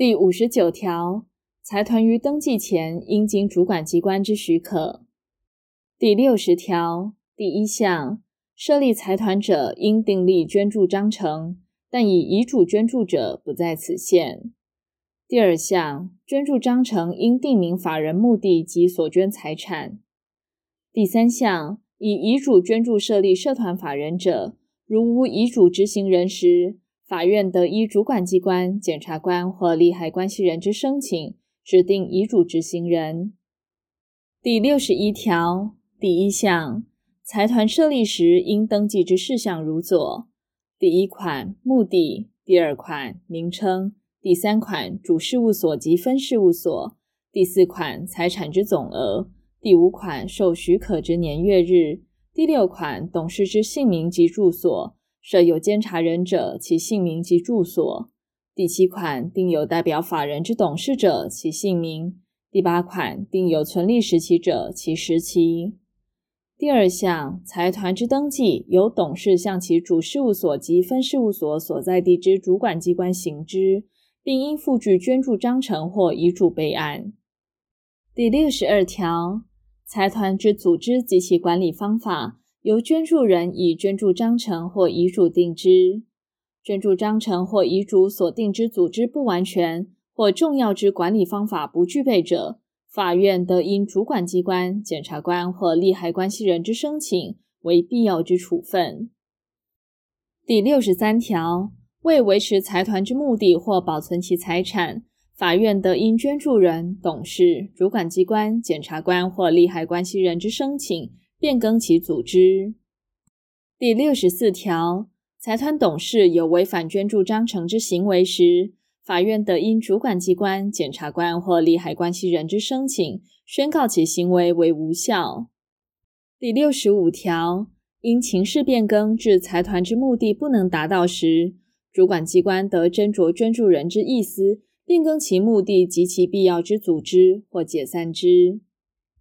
第五十九條，財團於登記前應經主管機關之許可。第六十條第一項，設立財團者應訂立捐助章程，但以遺囑捐助者不在此限。第二項，捐助章程應定明法人目的及所捐財產。第三項，以遺囑捐助設立社團法人者，如無遺囑執行人時，法院得依主管機關、檢察官或利害關係人之申請，指定遺囑執行人。第六十一條第一項，財團設立時應登記之事項如左：第一款目的；第二款名稱；第三款主事務所及分事務所；第四款財產之總額；第五款受許可之年月日；第六款董事之姓名及住所。設有監察人者，其姓名及住所。第七款，定有代表法人之董事者，其姓名。第八款，定有存立時期者，其時期。第二項財團之登記，由董事向其主事務所及分事務所所在地之主管機關行之，並應附具捐助章程或遺囑備案。第六十二條財團之組織及其管理方法。由捐助人以捐助章程或遺囑定之，捐助章程或遺囑所定之組織不完全或重要之管理方法不具備者，法院得因主管機關、檢察官或利害關係人之申請為必要之處分。第六十三條，為維持財團之目的或保存其財產，法院得因捐助人、董事、主管機關、檢察官或利害關係人之申請，變更其組織。第六十四條，財團董事有違反捐助章程之行為時，法院得因主管機關、檢察官或利害關係人之申請，宣告其行為為無效。第六十五條，因情勢變更致財團之目的不能達到時，主管機關得斟酌捐助人之意思，變更其目的及其必要之組織或解散之。